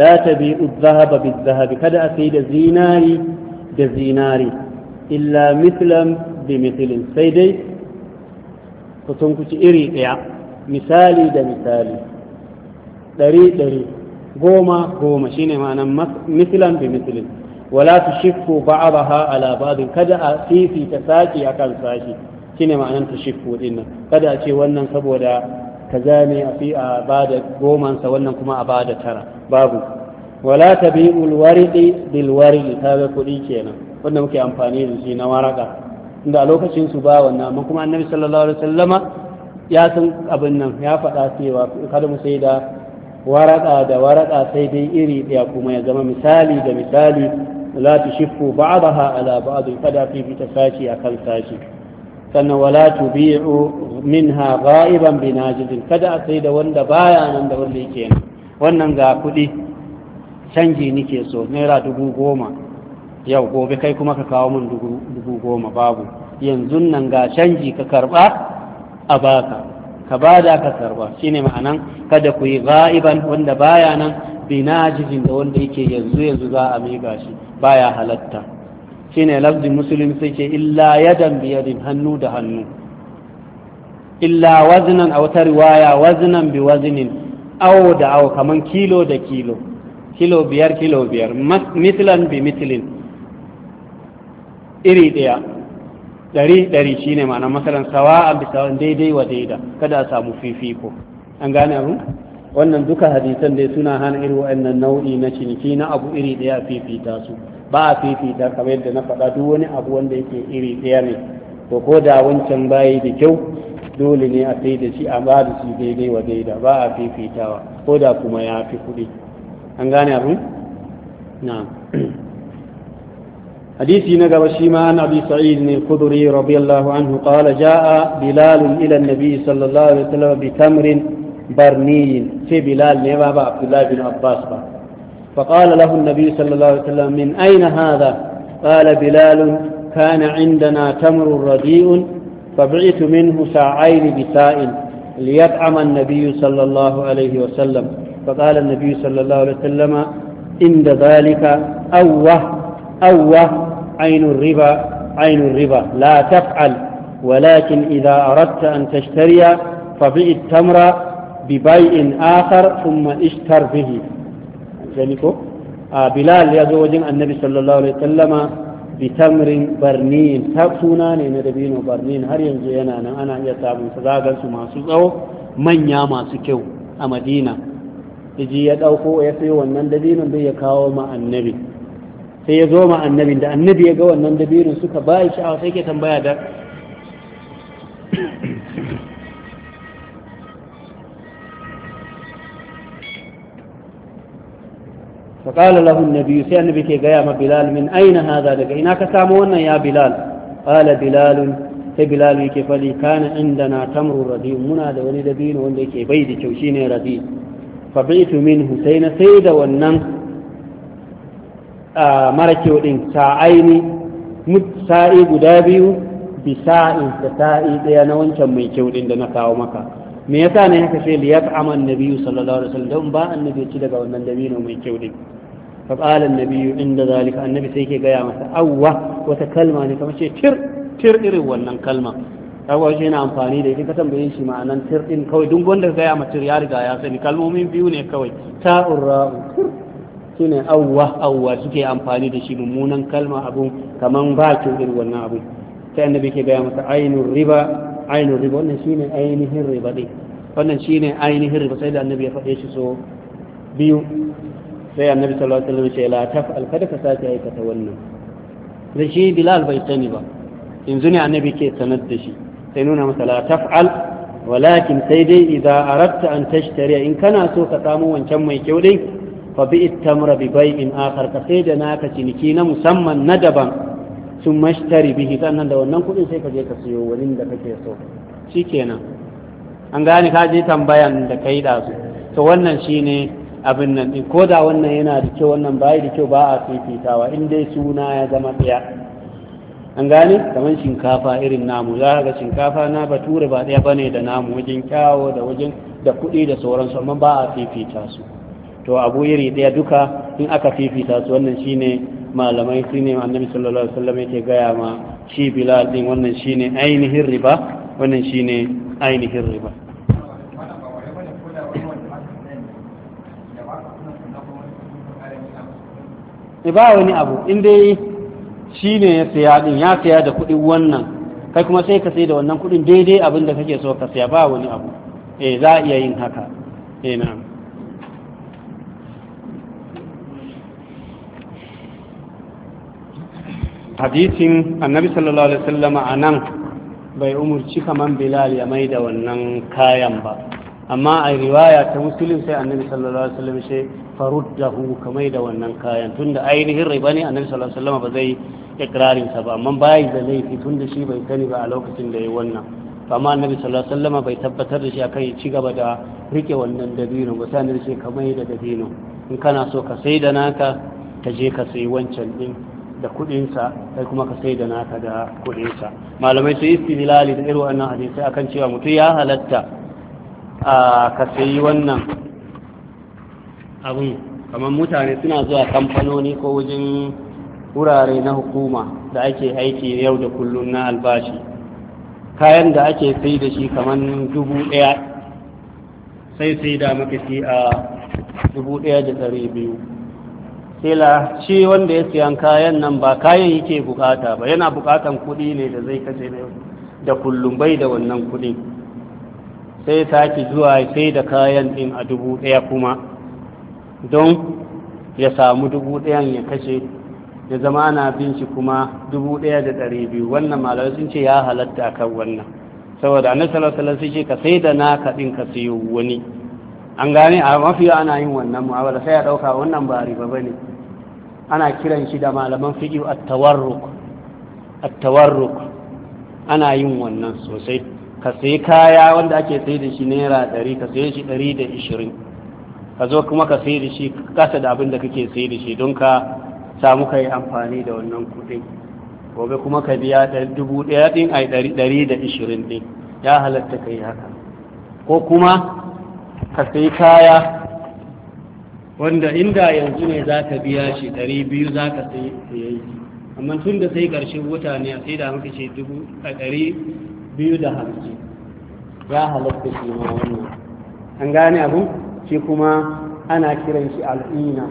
لا تبيع الذهب بالذهب كذا أسيد زيناري بزيناري إلا مثلا بمثل سيدي kutunkuci iri ɗaya misali da misali ɗari ɗari goma goma shine ma'anan misilan bi misilin wala su shifku ba'adaha ala ba'din kada a fifita sashi akan sashi shine ma'anar ta shifku din kada a ce wannan saboda kaza ne a fi a bada goman sa wannan kuma a bada tara babu wala tabi'ul waridi bil kaga kudi kenan wanda muke amfani da shi na waraka inda a lokacin su ba wannan amma kuma annabi sallallahu alaihi wasallama ya san abin nan ya faɗa cewa kada mu sai da waraka da waraka sai dai iri ɗaya kuma ya zama misali da misali la tushiffu ba'daha ala ba'd kada fi bi tasashi akan sashi sannan wala tubi'u minha ghaiban binajidin kada a sai da wanda baya nan da wanda yake nan wannan ga kuɗi canji nike so naira dubu goma yau gobe kai kuma ka kawo min dubu goma babu yanzu nan ga canji ka karba a baka ka bada ka karba shine ma'anan kada ku yi ga'iban wanda baya nan binajijin da wanda yake yanzu yanzu za a miƙa shi baya halatta shine lafzin musulun sai ke illa yadan biyadin hannu da hannu illa waznan a wata riwaya waznan bi waznin awo da awo kaman kilo da kilo kilo biyar kilo biyar mitlan bi mitlin iri ɗaya ɗari ɗari shine ma'ana masalan sawa a bisa daidai wa daida kada a samu fifiko an gane abu wannan duka hadisan dai suna hana irin wa'annan nau'i na ciniki na abu iri ɗaya a fifita su ba a fifita kamar yadda na faɗa duk wani abu wanda yake iri ɗaya ne to ko da wancan bayi da kyau dole ne a sai da shi a ba da shi daidai wa daida ba a fifitawa ko da kuma ya fi kuɗi an gane abin na حديثي نقب شيما عن أبي سعيد الخدري رضي الله عنه قال جاء بلال إلى النبي صلى الله عليه وسلم بتمر برني في بلال نيما عبد الله بن عباس با فقال له النبي صلى الله عليه وسلم من أين هذا قال بلال كان عندنا تمر رديء فبعث منه ساعين بسائل ليطعم النبي صلى الله عليه وسلم فقال النبي صلى الله عليه وسلم عند ذلك أوه أوه عين الربا عين الربا لا تفعل ولكن إذا أردت أن تشتري فبئ التمر ببيع آخر ثم اشتر به ذلك بلال يا النبي صلى الله عليه وسلم بتمر برنين تاكسونا ne na dabino barnin har yanzu yana nan ana iya samun sa zagar su masu tsawo manya masu kyau a madina iji ya dauko ya sayo wannan dabinon ya kawo ma annabi sai ya zo ma annabi, da annabi ya ga wannan dabinon suka ba shi a sai ke tambaya da fa qala lahu an-nabi sai annabi ke gaya ma bilal min aina hadha daga ina ka samu wannan ya bilal qala bilal sai bilal yake fali kana indana tamru radi muna da wani dabino wanda yake bai da kyau shine radi fa bi'tu minhu sai na sai da wannan mara kyau din sa'aini sa'i guda biyu bisa'in da sa'i daya na wancan mai kyau ɗin da na kawo maka me yasa ne haka sai liyat aman nabiyyu sallallahu alaihi wasallam ba annabi ci daga wannan dabino mai kyau din فقال النبي عند ذلك النبي سيكي قيا مسا أوه وتكلمة كما شيء تر تر kalma yana كلمة أوه شينا أمفاني دي كتن بيشي معنى تر kawai كوي دون قوندر قيا ما تر ياري قيا sani kalmomin biyu ne كوي تاء الراء تر shine awwa awwa suke amfani da shi mummunan kalma abun kaman ba ki irin wannan abun sai annabi ke gaya masa ainur riba ainur riba wannan shine ainihin riba din wannan shine ainihin riba sai da annabi ya faɗe shi so biyu sai annabi sallallahu alaihi wasallam ce la kada ka sake aikata wannan da shi bilal bai sani ba yanzu ne annabi ke sanar da shi sai nuna masa la taf'al walakin sai dai idza aratta an tashtari in kana so ka samu wancan mai kyau din fa bi ittamra bi bai'in akhar ka sai da naka ciniki na musamman na daban sun mashtari bihi sannan da wannan kuɗin sai ka je ka siyo wani da kake so shikenan an gane ka je tambayan da kai da su to wannan shine abin nan ɗin ko da wannan yana da kyau wannan bayi da kyau ba a fifitawa in dai suna ya zama ɗaya an gane kamar shinkafa irin namu za ga shinkafa na bature ba ɗaya bane da namu wajen kyawo da wajen da kuɗi da sauransu amma ba a fifita su to abu iri ɗaya duka in aka fifita su wannan shine malamai su ne annabi sallallahu alaihi wasallam yake gaya ma shi bilal din wannan shine ainihin riba wannan shine ainihin riba ya eh, ba wani abu in dai shi ne ya siya din ya siya da kuɗin wannan kai kuma sai ka sai da wannan kuɗin daidai abin da kake so ka siya ba wani abu eh za a iya yin haka eh na hadisin annabi sallallahu alaihi wasallam a nan bai umurci kaman bilal ya mai da wannan kayan ba amma a riwaya ta musulun sai annabi sallallahu alaihi wasallam faruddahu kamar da wannan kayan tunda ainihin riba ne annabi sallallahu alaihi wasallam ba zai ikrarin sa ba amma bai da laifi tunda shi bai sani ba a lokacin da yayi wannan amma annabi sallallahu alaihi wasallam bai tabbatar da shi akan ya ci gaba da rike wannan dabino ba sai annabi sai kamar da dabino in kana so ka sai da naka ka je ka sai wancan din da sa kai kuma ka sai da naka da sa malamai su istidlali da irin wannan hadisi akan cewa mutum ya halatta a ka sai wannan abin kamar mutane suna zuwa kamfanoni ko wajen wurare na hukuma da ake aiki yau da kullum na albashi kayan da ake sai da shi kamar dubu ɗaya sai sai da maka a dubu ɗaya da dari biyu sila shi wanda ya siyan kayan nan ba kayan yake bukata ba yana bukatan kuɗi ne da zai kace da kullum bai da wannan kuɗi sai sake zuwa sai da kayan ɗin a dubu ɗaya kuma don ya samu dubu ɗayan ya kashe ya zama ana bin shi kuma dubu ɗaya da ɗari biyu wannan malamai sun ce ya halatta a kan wannan saboda annabi sallallahu alaihi wasallam ce ka sai da na kaɗin ka siyo wani an gane a mafiya ana yin wannan mu'amala sai ya ɗauka wannan ba riba ba ne. ana kiran shi da malaman fiƙi a tawarruk ana yin wannan sosai ka sai kaya wanda ake sai da shi naira ɗari ka sai shi ɗari da ishirin ka zo kuma ka sai da shi kasa da abin da kake sai da shi don ka samu ka yi amfani da wannan kuɗin gobe kuma ka biya dubu ɗaya ɗin a ɗari da ishirin ɗin ya halatta ka yi haka ko kuma ka sai kaya wanda inda yanzu ne za ka biya shi ɗari biyu za ka sai sayayi amma tun da sai ƙarshen wuta ne a sai da muka ce dubu a ɗari biyu da hamsin ya halatta shi ma wannan an gane abu shi kuma ana kiran shi al'ina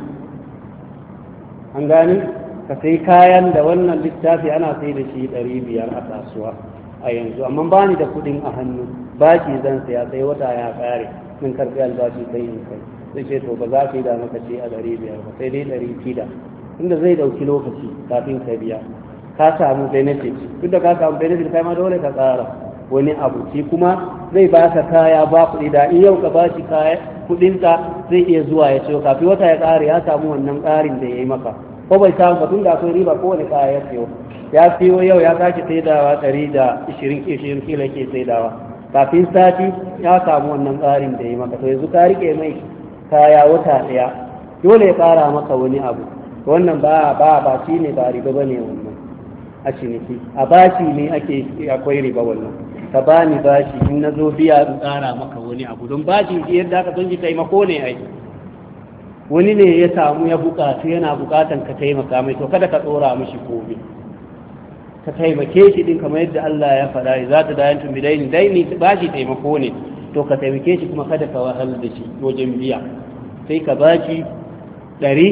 an gani ka sai kayan da wannan littafi ana sai da shi ɗari biyar a kasuwa a yanzu amma ba ni da kuɗin a hannu baki zan saya sai wata ya ƙare sun karɓi albashi sai in kai sai ce to ba za ka yi da maka ce a ɗari biyar ba sai dai ɗari shida inda zai ɗauki lokaci kafin ka biya ka samu benefit duk da ka samu benefit kai ma dole ka tsara wani abu shi kuma zai ba ka kaya ba kuɗi da in yau ka ba shi kaya kuɗinka zai iya zuwa ya ciyo kafin wata ya ƙare ya samu wannan ƙarin da ya yi maka ko bai samu ba tun da akwai riba ko wani kaya ya siyo ya siyo yau ya sake saidawa ɗari da ishirin ishirin kila ke saidawa kafin sati ya samu wannan ƙarin da ya yi maka to yanzu ka riƙe mai kaya wata ɗaya dole ya ƙara maka wani abu wannan ba ba ba shi ne ba riba ba ne wannan a ciniki a baci ne ake akwai riba wannan ka bani bashi in na zo biya in tsara maka wani abu don bashi yadda aka son shi taimako ne ai wani ne ya samu ya bukatu yana bukatan ka taimaka mai to kada ka tsora mishi komai ka taimake shi din kamar yadda Allah ya faɗa za ta dayan dai bidaini daini bashi taimako ne to ka taimake shi kuma kada ka wahal da shi wajen biya sai ka bashi ɗari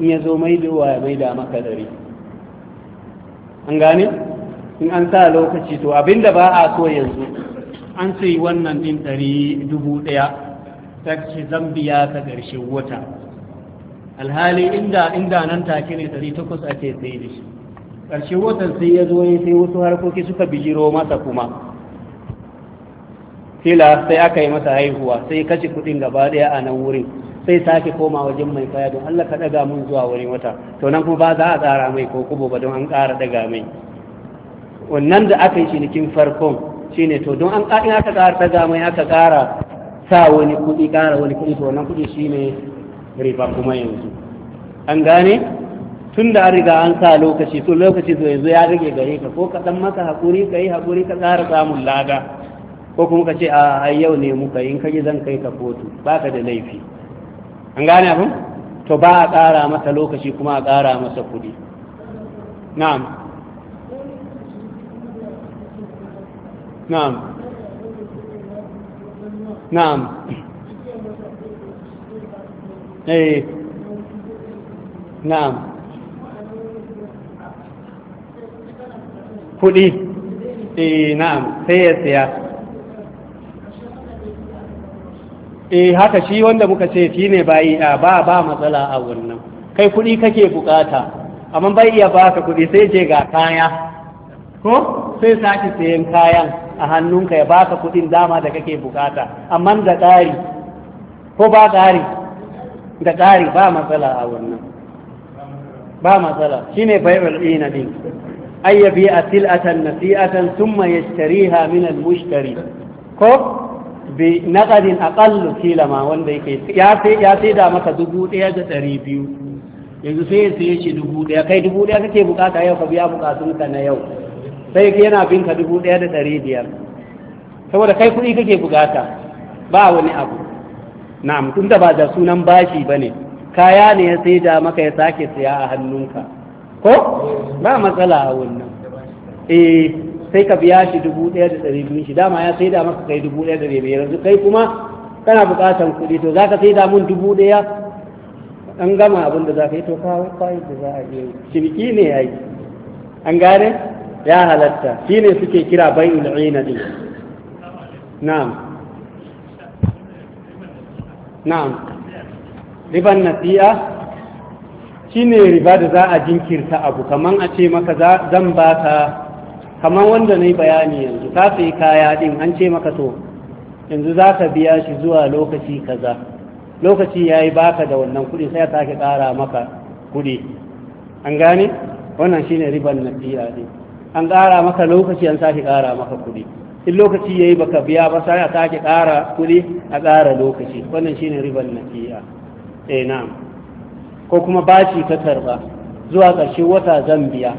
in ya zo maidowa ya da maka ɗari an gane in an sa lokaci to abinda ba a so yanzu an sai wannan din ɗari dubu ɗaya ta ce zambiya ta ƙarshen wata alhali inda inda nan take ne ɗari takwas ake sai da shi ƙarshen watan sai ya zo sai wasu harkoki suka bijiro masa kuma fila sai aka yi masa haihuwa sai kashe kuɗin gaba ɗaya a nan wurin sai sake koma wajen mai kaya don Allah ka ɗaga mun zuwa wurin wata to nan kuma ba za a tsara mai ko kubo ba don an ƙara daga mai wannan da aka yi cinikin farkon shine to don an ƙa'in aka ƙara gama ya aka ƙara sa wani kuɗi ƙara wani kuɗi to wannan kuɗi shine riba kuma yanzu an gane tun da an riga an sa lokaci to lokaci to yanzu ya rage gare ka ko ka ɗan maka haƙuri ka yi haƙuri ka ƙara samun lada ko kuma ka ce a yau ne muka in yi zan kai ka kotu baka da laifi an gane abin to ba a ƙara masa lokaci kuma a ƙara masa kuɗi na'am na'am na'am اي na'am kuɗi اي na'am sai ya siya eh haka shi wanda muka ce shi ne bai ba ba matsala a wannan kai kuɗi kake bukata amma bai iya baka kuɗi sai je ga kaya ko sai sake sayan kayan a hannunka ya baka kuɗin dama da kake bukata amma da ƙari ko ba ƙari da ƙari ba matsala a wannan ba matsala shine fa'il ina din ayyabi yabi'a sil'atan nasi'atan thumma yashtariha min minan mushtari ko bi naqadin aqallu kilama wanda yake ya sai ya sai da maka 1200 yanzu sai sai ya ce 1000 kai dubu 1000 kake bukata yau ka biya bukatunka na yau sai yana bin ka dubu ɗaya da ɗari biyar saboda kai kuɗi kake bugata ba wani abu na'am tun da ba da sunan bashi ba ne kaya ne ya sai da maka ya sake siya a hannunka ko ba matsala a wannan eh sai ka biya shi dubu ɗaya da ɗari biyun shi dama ya sai da maka kai dubu ɗaya da ɗari biyar yanzu kai kuma kana bukatan kuɗi to za ka sai da mun dubu ɗaya an gama abin da za ka yi to kawai da za a yi shirki ne ya yi an gane ya halatta shi ne suke kira bai ul'ina ɗin na'am na'am riban nasi'a shi ne riba da za a jinkirta abu kaman a ce maka zan ba ka kaman wanda na yi bayani yanzu ka sai kaya din an ce maka to yanzu za ka biya shi zuwa lokaci kaza lokaci ya yi baka da wannan kuɗi sai ya sake ƙara maka kudi an gane wannan shine riban fiya ɗin. an ƙara maka lokaci an sake ƙara maka kuɗi in lokaci ya yi baka biya ba sai a sake ƙara kuɗi a ƙara lokaci wannan shine riban fiya eh na. ko kuma baci ka tarba. zuwa ƙarshen wata zan biya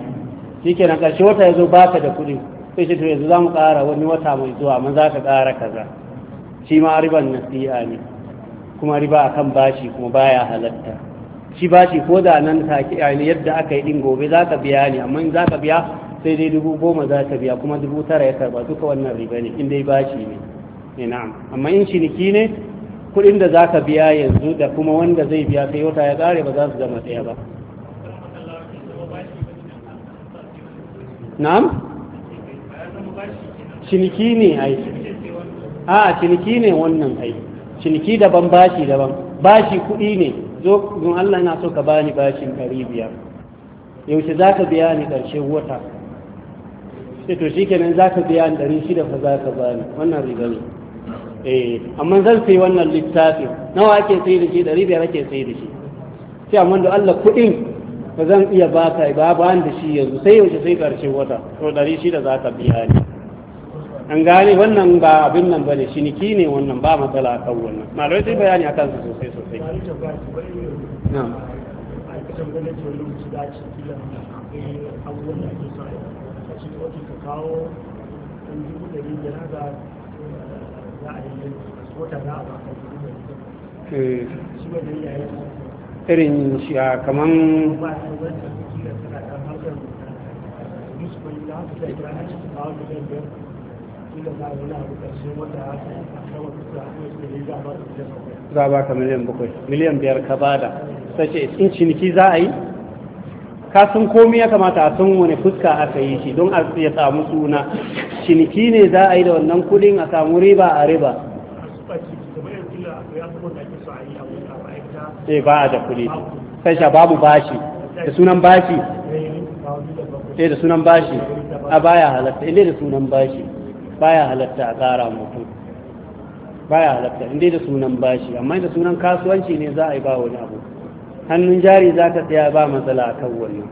na ƙarshen wata yazo baka da kuɗi sai shi to yanzu mu ƙara wani wata mai zuwa amma za ka ƙara kaza shi ma riban fiya ne kuma riba akan bashi kuma baya halatta shi bashi ko da nan take yadda aka yi din gobe za ka biya ne amma in za ka biya sai dai dubu goma za ta biya kuma dubu tara ya karba duka wannan riba ne in dai bashi ne eh, na'am amma in ciniki ne kuɗin da za ka biya yanzu da kuma wanda zai biya kai wata ya tsare ba za su zama ɗaya ba na'am ciniki ne ai a ciniki ne wannan ai ciniki daban bashi daban bashi kuɗi ne zo don Allah na so ka bani bashin ɗari biyar yaushe za ka biya ni ƙarshen wata sai to shi kenan za ka biya ɗari shida fa za ka bani wannan riga ne eh amma zan sai wannan littafin nawa ake sai da shi ɗari biyar ake sai da shi sai amma da Allah kuɗin ba zan iya baka ba ba da shi yanzu sai yau sai karshe wata to ɗari shida za ka biya ni an gane wannan ba abin nan ba ne shiniki ne wannan ba matsala kan wannan malamai sai bayani akan su sosai sosai na'am kawo ɗan eh, za a yi wata za a eh. irin a ba ka miliyan miliyan biyar ka bada in ciniki za a yi ka sun komai ya kamata a san wani fuska aka yi shi don ya samu suna ciniki ne za a yi da wannan kudin a samu riba a riba sai eh, ba a da kudi sai sha babu bashi da sunan bashi sai eh, da sunan bashi a baya halatta inda da sunan bashi baya halatta a tsara mutum baya halatta inda da sunan bashi amma da sunan kasuwanci ne za a yi ba wani abu hannun jari za ka tsaya ba matsala a kan wannan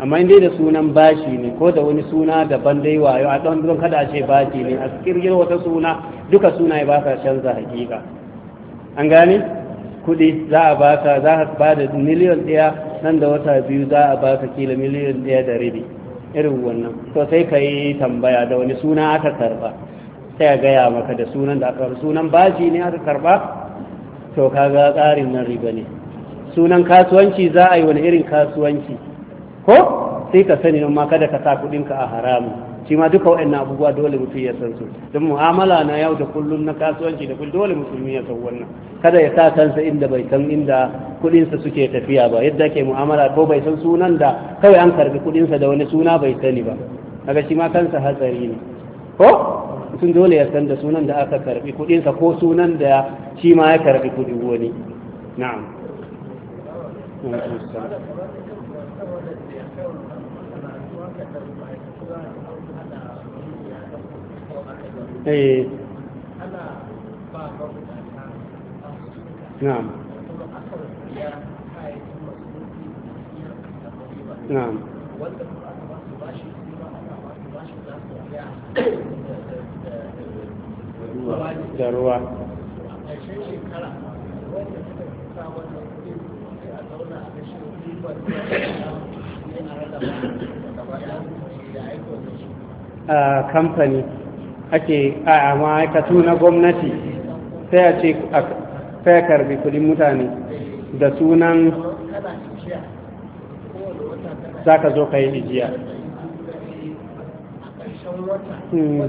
amma inda da sunan bashi ne ko da wani suna daban dai wayo a ɗan don kada ce bashi ne a kirgin wata suna duka suna ba ka canza hakika an gane kuɗi za a baka za ka ba da miliyan ɗaya nan da wata biyu za a baka kila miliyan ɗaya da rabi irin wannan to sai ka yi tambaya da wani suna aka karba sai a gaya maka da sunan da aka sunan bashi ne aka karba to kaga tsarin nan riba ne sunan kasuwanci za a yi wani irin kasuwanci ko sai ka sani ma kada ka sa kuɗinka a haramu shi ma duka waɗannan abubuwa dole mutum ya san su don mu'amala na yau da kullum na kasuwanci da kullum dole musulmi ya san wannan kada ya sa kansa inda bai san inda kuɗinsa suke tafiya ba yadda ke mu'amala ko bai san sunan da kawai an karbi kuɗinsa da wani suna bai sani ba kaga shi ma kansa hatsari ne ko mutum dole ya san da sunan da aka karbi kuɗinsa ko sunan da shi ma ya karbi kudin wani na'am eh na'am na'am da ruwa a kamfani ake a ma'aikatu na gwamnati sai a ce a karbi kudin mutane da sunan za ka zo ka yi ijiya hmm.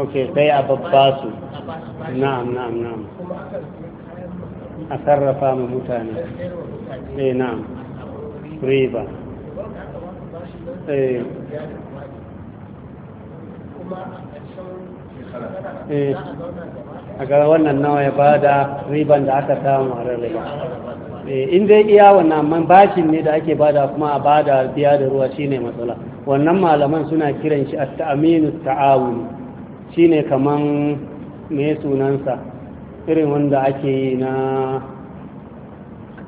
ok sai a su na'am na'am na'am a sarrafa ma mutane eh na riba eh. eh a ga wannan nawa ya bada riban da aka samu a rarraba eh, in dai iya wannan man bashin ne da ake bada kuma a bada biya da ruwa shine matsala wannan malaman suna kiran shi at-ta'aminu ta'awun shine kaman mai sunansa irin wanda ake yi na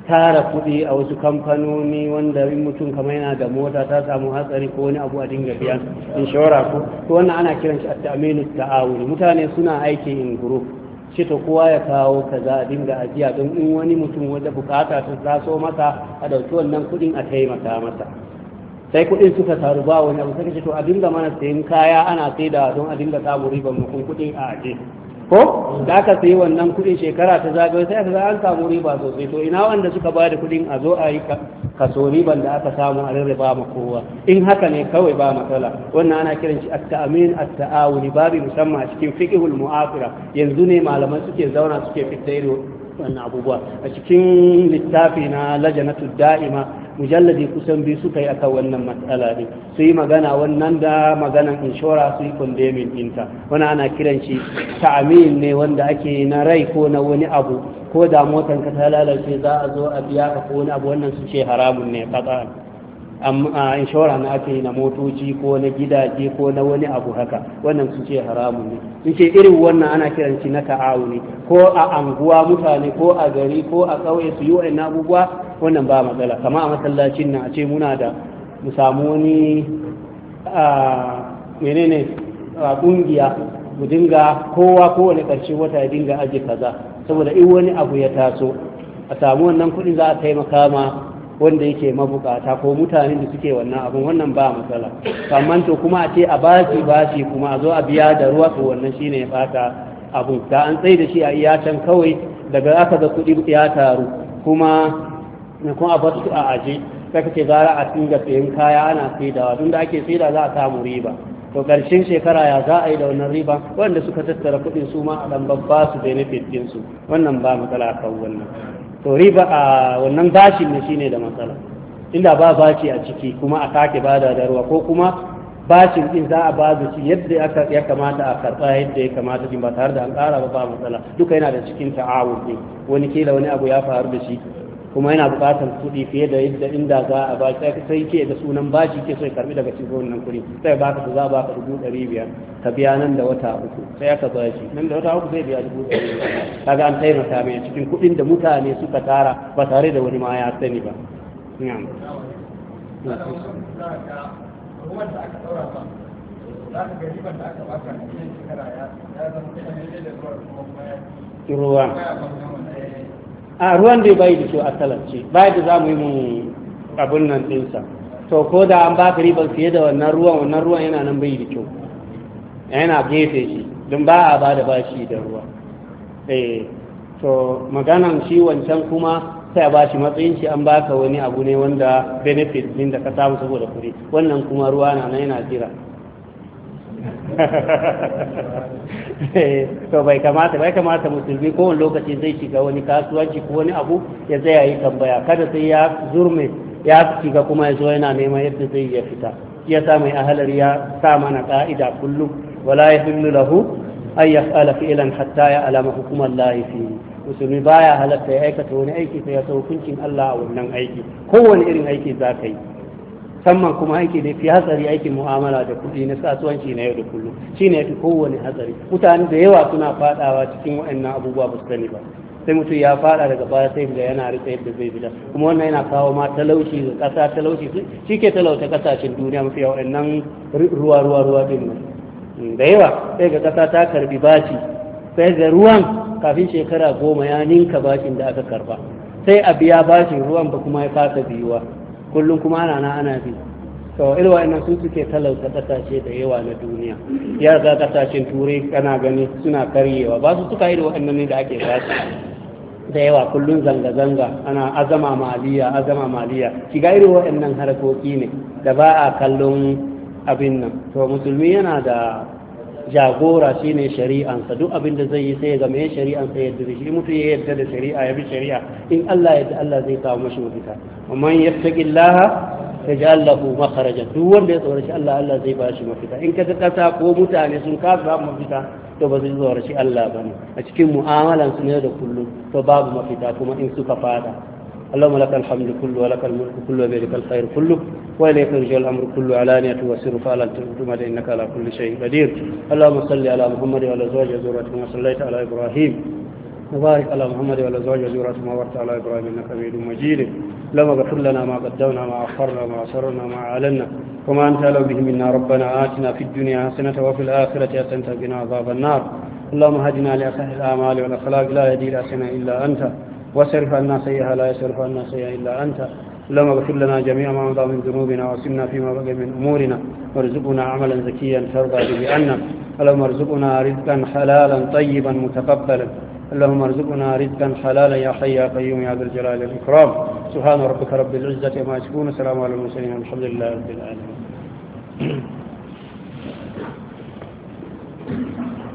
tara kuɗi a wasu kamfanoni wanda in mutum kama yana da mota ta samu hatsari ko wani abu a dinga biya inshora ko to wannan ana kiran shi at-ta'minu ta'awuni mutane suna aiki in group shi to kowa ya kawo kaza a dinga ajiya don in wani mutum wanda bukata ta taso masa a dauki wannan kuɗin a taimaka masa sai kuɗin suka taru ba wani abu sai ce to a dinga mana sayan kaya ana saidawa don a dinga samun ribar mutum kuɗin a aje ko da aka sayi wannan kudin shekara ta zagaye sai aka an samu riba sosai to ina wanda suka ba da kudin a zo a yi kaso riban da aka samu a rarraba ma kowa in haka ne kawai ba matsala wannan ana kiran shi at-ta'min at-ta'awuni babu musamman a cikin fiqhul mu'afira yanzu ne malaman suke zauna suke fitta wannan abubuwa a cikin littafi na lajanatu da'ima mujalladi kusan biyu suka yi akan wannan matsala ne su yi magana wannan da maganan inshora su yi condemning dinta wani ana kiran shi ta'amin ne wanda ake na rai ko na wani abu ko da motanka ta lalace za a zo a biya ka ko wani abu wannan su ce haramun ne katsa'an inshora na ake na motoci ko na gidaje ko na wani abu haka wannan su ce haramu ne su ce irin wannan ana kiranci shi na ne ko a anguwa mutane ko a gari ko a ƙauye su yi wa ina abubuwa wannan ba matsala kama a masallacin na a ce muna da mu samu wani menene kungiya mu dinga kowa kowane ƙarshe wata ya dinga aji kaza saboda in wani abu ya taso a samu wannan kuɗin za a taimaka ma wanda yake mabukata ko mutanen da suke wannan abin wannan ba matsala kamar to kuma a ce a ba shi kuma a zo a biya da ruwa to wannan shine ya fata abun da an tsaye da shi a iyatan kawai daga aka ga kuɗi ya taru kuma kuma a basu a aje sai kace gara a dinga sayan kaya ana saidawa tun da ake saida za a samu riba to karshen shekara ya za a yi da wannan riba wanda suka tattara kuɗin su ma a ɗan babba su benefit ɗinsu wannan ba matsala kan wannan to riba a wannan bashin ne shine da matsala inda ba bashi a ciki kuma a sake bada da ruwa ko kuma bashin din za a bada shi yadda ya kamata a karba yadda ya kamata din ba tare da an ƙara ba ba matsala duka yana da cikin ta'awun ne wani kila wani abu ya faru da shi kuma yana buƙatar kuɗi fiye da yadda inda za a ba sai ke da sunan bashi ke so ya karbi daga cikin wannan kuɗi sai ba ka za ba ka dubu ɗari biyar ka biya nan da wata uku sai aka ba shi nan da wata uku sai biya dubu ɗari biyar ga an taimaka mai cikin kuɗin da mutane suka tara ba tare da wani ma ya sani ba. ruwa a ruwan da bai da kyau a talarci bai da za mu yi mu abin nan ɗinsa to ko da an baka ribar fiye da wannan ruwan wannan ruwan yana nan bai da kyau yana gefe shi don ba a ba da bashi da ruwa eh to maganan shi wancan kuma sai a bashi matsayin shi an baka wani abu ne wanda benefit din da ka samu saboda kuɗi wannan kuma ruwa na nan yana jira Eh, to bai kamata bai kamata musulmi kowane lokaci zai shiga wani kasuwanci ko wani abu ya zai yi tambaya kada sai ya zurme ya shiga kuma ya zo yana neman yadda zai ya fita ya sa mai ahalar ya sa mana ka'ida kullum wala ya hillu lahu an yaf'ala fi'lan hatta ya alama hukumar lahi fihi musulmi baya halatta ya aikata wani aiki sai ya sa hukuncin Allah a wannan aiki kowane irin aiki za ka yi musamman kuma aiki ne fi hatsari aikin mu'amala da kuɗi na kasuwanci na yau da kullum shine fi kowane hatsari mutane da yawa suna fadawa cikin waɗannan abubuwa ba su sani ba sai mutum ya fada daga baya sai da yana rika yadda zai da kuma wannan yana kawo ma talauci ga ƙasa talauci shi ke talauta ƙasashen duniya mafi yawa waɗannan ruwa ruwa ruwa din nan mm, da yawa sai ga ƙasa ta karbi baci sai ga ruwan kafin shekara goma ya ninka bashin da aka karba sai a biya bashin ruwan ba kuma ya fasa biyuwa kullum kuma ana na ana bi to ilwa ina su suke talauta kasashe da yawa na duniya ya ga kasashen turai kana gani suna karyewa ba su suka wa'annan ne da ake sashi da yawa kullum zanga-zanga ana azama maliya azama maliya shiga irin waɗannan harkoki ne da ba a kallon abin nan to musulmi yana da jagora shine shari'ansa duk abin da zai yi sai ya ga shari'ansa yadda da shi mutu ya yadda da shari'a ya bi shari'a in Allah yadda Allah zai kawo mashi mafita amma yattaqillaha yaj'al lahu makharaja duk wanda ya tsoraci Allah Allah zai ba shi mafita in kaga kasa ko mutane sun kasa mafita to ba zai tsoraci Allah ba ne a cikin mu'amalan su ne da kullum to babu mafita kuma in suka fada اللهم لك الحمد كله ولك الملك كله وبيدك الخير كله وإليك يرجع الأمر كله علانية وسر فعلا تعتمد إنك على كل شيء قدير اللهم صل على محمد وعلى أزواج زورة ما صليت على إبراهيم وبارك على محمد وعلى أزواج زورة ما باركت على إبراهيم إنك حميد مجيد اللهم غفر لنا ما قدمنا ما أخرنا ما أسررنا ما أعلنا وما أنت له به منا ربنا آتنا في الدنيا حسنة وفي الآخرة حسنة بنا عذاب النار اللهم هدنا لأصح الأعمال والأخلاق لا يهدي لأسنا إلا أنت وصرف عنا سيئها لا يصرف عنا سيئها إلا أنت اللهم اغفر لنا جميع ما مضى من ذنوبنا واسمنا فيما بقي من أمورنا وارزقنا عملا زكيا ترضى به عنا اللهم ارزقنا رزقا حلالا طيبا متقبلا اللهم ارزقنا رزقا حلالا يا حي يا قيوم يا ذا الجلال والإكرام سبحان ربك رب العزة ما يشكون سلام على المرسلين الحمد لله رب العالمين